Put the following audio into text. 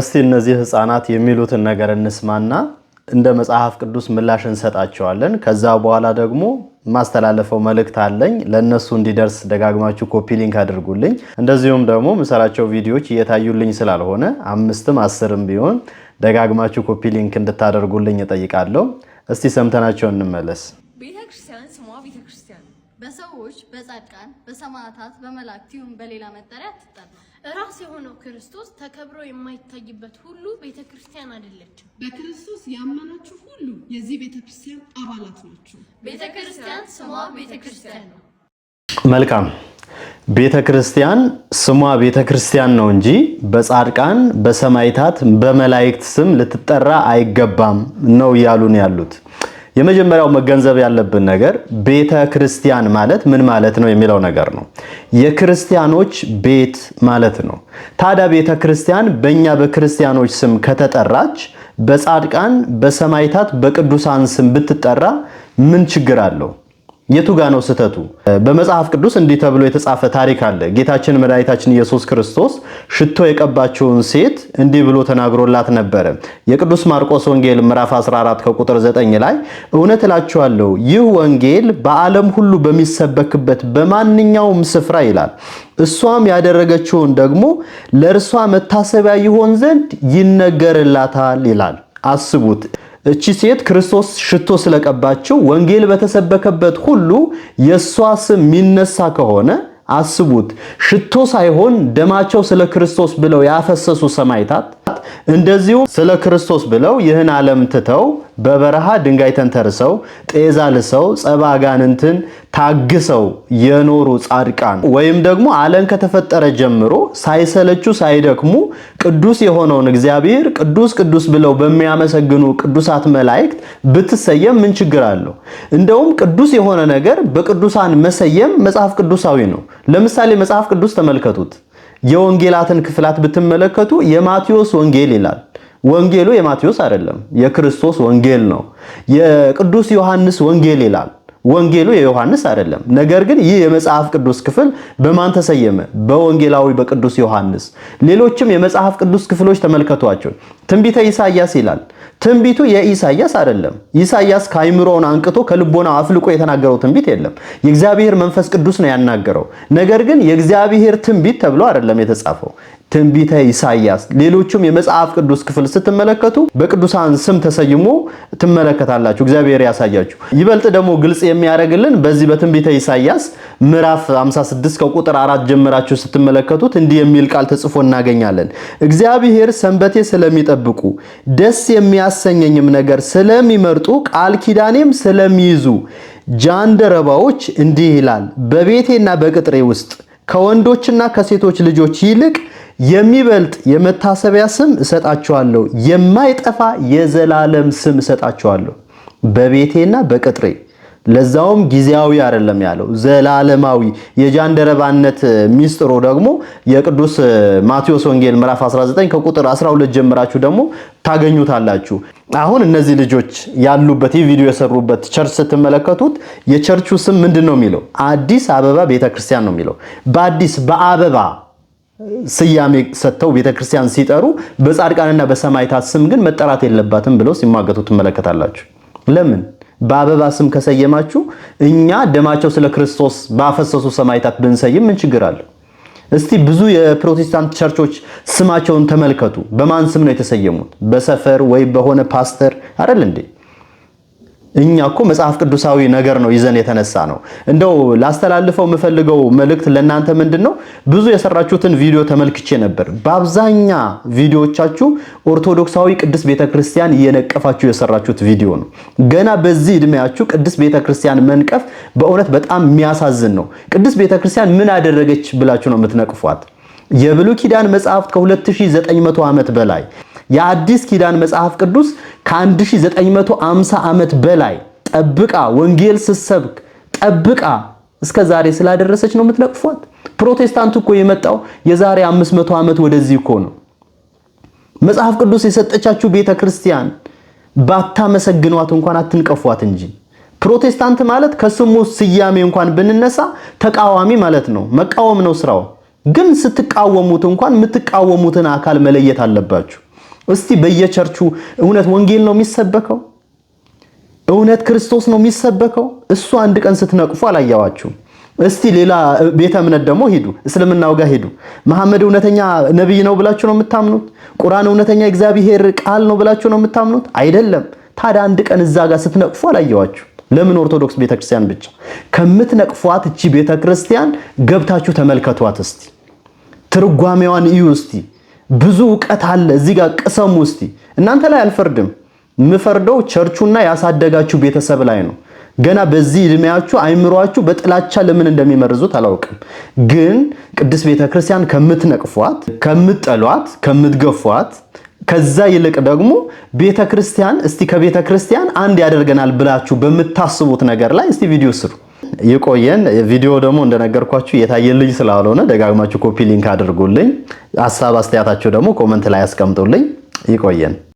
እስቲ እነዚህ ህፃናት የሚሉትን ነገር እንስማና እንደ መጽሐፍ ቅዱስ ምላሽ እንሰጣቸዋለን። ከዛ በኋላ ደግሞ ማስተላለፈው መልእክት አለኝ ለእነሱ እንዲደርስ ደጋግማችሁ ኮፒ ሊንክ አድርጉልኝ። እንደዚሁም ደግሞ ምሰራቸው ቪዲዮዎች እየታዩልኝ ስላልሆነ አምስትም አስርም ቢሆን ደጋግማችሁ ኮፒ ሊንክ እንድታደርጉልኝ እጠይቃለሁ። እስቲ ሰምተናቸው እንመለስ። ክርስቲያን በሰዎች በጻድቃን በሰማዕታት በመላእክት ይሁን በሌላ መጠሪያ አትጠራ። ራስ የሆነው ክርስቶስ ተከብሮ የማይታይበት ሁሉ ቤተ ክርስቲያን አይደለችም። በክርስቶስ ያመናችሁ ሁሉ የዚህ ቤተ ክርስቲያን አባላት ናችሁ። ቤተ ክርስቲያን ስሟ ቤተ ክርስቲያን ነው። መልካም ቤተ ክርስቲያን ስሟ ቤተ ክርስቲያን ነው እንጂ በጻድቃን በሰማዕታት በመላእክት ስም ልትጠራ አይገባም ነው እያሉን ያሉት። የመጀመሪያው መገንዘብ ያለብን ነገር ቤተ ክርስቲያን ማለት ምን ማለት ነው የሚለው ነገር ነው። የክርስቲያኖች ቤት ማለት ነው። ታዲያ ቤተ ክርስቲያን በእኛ በክርስቲያኖች ስም ከተጠራች በጻድቃን፣ በሰማይታት፣ በቅዱሳን ስም ብትጠራ ምን ችግር አለው? የቱ ጋ ነው ስህተቱ? በመጽሐፍ ቅዱስ እንዲህ ተብሎ የተጻፈ ታሪክ አለ። ጌታችን መድኃኒታችን ኢየሱስ ክርስቶስ ሽቶ የቀባችውን ሴት እንዲህ ብሎ ተናግሮላት ነበረ። የቅዱስ ማርቆስ ወንጌል ምዕራፍ 14 ከቁጥር 9 ላይ እውነት እላችኋለሁ ይህ ወንጌል በዓለም ሁሉ በሚሰበክበት በማንኛውም ስፍራ ይላል እሷም ያደረገችውን ደግሞ ለእርሷ መታሰቢያ ይሆን ዘንድ ይነገርላታል ይላል። አስቡት። እቺ ሴት ክርስቶስ ሽቶ ስለቀባችው ወንጌል በተሰበከበት ሁሉ የእሷ ስም የሚነሳ ከሆነ አስቡት፣ ሽቶ ሳይሆን ደማቸው ስለ ክርስቶስ ብለው ያፈሰሱ ሰማይታት። እንደዚሁም ስለ ክርስቶስ ብለው ይህን ዓለም ትተው በበረሃ ድንጋይ ተንተርሰው ጤዛ ልሰው ጸባ አጋንንትን ታግሰው የኖሩ ጻድቃን ወይም ደግሞ ዓለም ከተፈጠረ ጀምሮ ሳይሰለቹ ሳይደክሙ ቅዱስ የሆነውን እግዚአብሔር ቅዱስ ቅዱስ ብለው በሚያመሰግኑ ቅዱሳት መላእክት ብትሰየም ምን ችግር አለው? እንደውም ቅዱስ የሆነ ነገር በቅዱሳን መሰየም መጽሐፍ ቅዱሳዊ ነው። ለምሳሌ መጽሐፍ ቅዱስ ተመልከቱት። የወንጌላትን ክፍላት ብትመለከቱ የማቴዎስ ወንጌል ይላል። ወንጌሉ የማቴዎስ አይደለም፣ የክርስቶስ ወንጌል ነው። የቅዱስ ዮሐንስ ወንጌል ይላል። ወንጌሉ የዮሐንስ አይደለም። ነገር ግን ይህ የመጽሐፍ ቅዱስ ክፍል በማን ተሰየመ? በወንጌላዊ በቅዱስ ዮሐንስ። ሌሎችም የመጽሐፍ ቅዱስ ክፍሎች ተመልከቷቸው። ትንቢተ ኢሳያስ ይላል። ትንቢቱ የኢሳያስ አይደለም። ኢሳያስ ከአይምሮውን አንቅቶ ከልቦና አፍልቆ የተናገረው ትንቢት የለም። የእግዚአብሔር መንፈስ ቅዱስ ነው ያናገረው። ነገር ግን የእግዚአብሔር ትንቢት ተብሎ አይደለም የተጻፈው። ትንቢተ ኢሳይያስ፣ ሌሎችም የመጽሐፍ ቅዱስ ክፍል ስትመለከቱ በቅዱሳን ስም ተሰይሞ ትመለከታላችሁ። እግዚአብሔር ያሳያችሁ። ይበልጥ ደግሞ ግልጽ የሚያደርግልን በዚህ በትንቢተ ኢሳይያስ ምዕራፍ 56 ከቁጥር አራት ጀምራችሁ ስትመለከቱት እንዲህ የሚል ቃል ተጽፎ እናገኛለን። እግዚአብሔር ሰንበቴ ስለሚጠብቁ ደስ የሚያሰኘኝም ነገር ስለሚመርጡ ቃል ኪዳኔም ስለሚይዙ ጃንደረባዎች እንዲህ ይላል በቤቴና በቅጥሬ ውስጥ ከወንዶችና ከሴቶች ልጆች ይልቅ የሚበልጥ የመታሰቢያ ስም እሰጣቸዋለሁ፣ የማይጠፋ የዘላለም ስም እሰጣቸዋለሁ በቤቴና በቅጥሬ ለዛውም ጊዜያዊ አይደለም ያለው ዘላለማዊ። የጃንደረባነት ሚስጥሩ ደግሞ የቅዱስ ማቴዎስ ወንጌል ምዕራፍ 19 ከቁጥር 12 ጀምራችሁ ደግሞ ታገኙታላችሁ። አሁን እነዚህ ልጆች ያሉበት ይህ ቪዲዮ የሰሩበት ቸርች ስትመለከቱት የቸርቹ ስም ምንድን ነው የሚለው? አዲስ አበባ ቤተክርስቲያን ነው የሚለው። በአዲስ በአበባ ስያሜ ሰጥተው ቤተክርስቲያን ሲጠሩ በጻድቃንና በሰማይታት ስም ግን መጠራት የለባትም ብለው ሲሟገቱ ትመለከታላችሁ። ለምን? በአበባ ስም ከሰየማችሁ እኛ ደማቸው ስለ ክርስቶስ ባፈሰሱ ሰማይታት ብንሰይም ምን ችግር አለ? እስቲ ብዙ የፕሮቴስታንት ቸርቾች ስማቸውን ተመልከቱ። በማን ስም ነው የተሰየሙት? በሰፈር ወይም በሆነ ፓስተር አይደል እንዴ? እኛ እኮ መጽሐፍ ቅዱሳዊ ነገር ነው ይዘን የተነሳ ነው። እንደው ላስተላልፈው የምፈልገው መልእክት ለእናንተ ምንድን ነው? ብዙ የሰራችሁትን ቪዲዮ ተመልክቼ ነበር። በአብዛኛ ቪዲዮዎቻችሁ ኦርቶዶክሳዊ ቅድስት ቤተክርስቲያን እየነቀፋችሁ የሰራችሁት ቪዲዮ ነው። ገና በዚህ እድሜያችሁ ቅድስት ቤተክርስቲያን መንቀፍ በእውነት በጣም የሚያሳዝን ነው። ቅድስት ቤተክርስቲያን ምን አደረገች ብላችሁ ነው የምትነቅፏት? የብሉይ ኪዳን መጽሐፍት ከ2900 ዓመት በላይ የአዲስ ኪዳን መጽሐፍ ቅዱስ ከ1950 ዓመት በላይ ጠብቃ ወንጌል ስትሰብክ ጠብቃ እስከ ዛሬ ስላደረሰች ነው የምትነቅፏት። ፕሮቴስታንቱ እኮ የመጣው የዛሬ 500 ዓመት ወደዚህ እኮ ነው። መጽሐፍ ቅዱስ የሰጠቻችሁ ቤተ ክርስቲያን ባታመሰግኗት እንኳን አትንቀፏት እንጂ። ፕሮቴስታንት ማለት ከስሙ ስያሜ እንኳን ብንነሳ ተቃዋሚ ማለት ነው። መቃወም ነው ስራው። ግን ስትቃወሙት እንኳን የምትቃወሙትን አካል መለየት አለባችሁ። እስቲ በየቸርቹ እውነት ወንጌል ነው የሚሰበከው? እውነት ክርስቶስ ነው የሚሰበከው? እሱ አንድ ቀን ስትነቅፉ አላያዋችሁ። እስቲ ሌላ ቤተ እምነት ደግሞ ሂዱ፣ እስልምናው ጋር ሂዱ። መሐመድ እውነተኛ ነቢይ ነው ብላችሁ ነው የምታምኑት? ቁርአን እውነተኛ እግዚአብሔር ቃል ነው ብላችሁ ነው የምታምኑት? አይደለም። ታዲያ አንድ ቀን እዛ ጋር ስትነቅፉ አላየዋችሁ። ለምን ኦርቶዶክስ ቤተክርስቲያን ብቻ? ከምትነቅፏት እቺ ቤተክርስቲያን ገብታችሁ ተመልከቷት እስቲ፣ ትርጓሜዋን እዩ እስቲ ብዙ እውቀት አለ እዚህ ጋር ቅሰሙ እስቲ። እናንተ ላይ አልፈርድም። ምፈርደው ቸርቹና ያሳደጋችሁ ቤተሰብ ላይ ነው። ገና በዚህ እድሜያችሁ አይምሯችሁ በጥላቻ ለምን እንደሚመርዙት አላውቅም። ግን ቅድስት ቤተክርስቲያን ከምትነቅፏት፣ ከምትጠሏት፣ ከምትገፏት ከዛ ይልቅ ደግሞ ቤተክርስቲያን እስቲ ከቤተክርስቲያን አንድ ያደርገናል ብላችሁ በምታስቡት ነገር ላይ እስቲ ቪዲዮ ስሩ። ይቆየን። ቪዲዮ ደግሞ እንደነገርኳችሁ የታየልኝ ስላልሆነ ደጋግማችሁ ኮፒ ሊንክ አድርጉልኝ። ሀሳብ አስተያየታችሁ ደግሞ ኮመንት ላይ አስቀምጡልኝ። ይቆየን።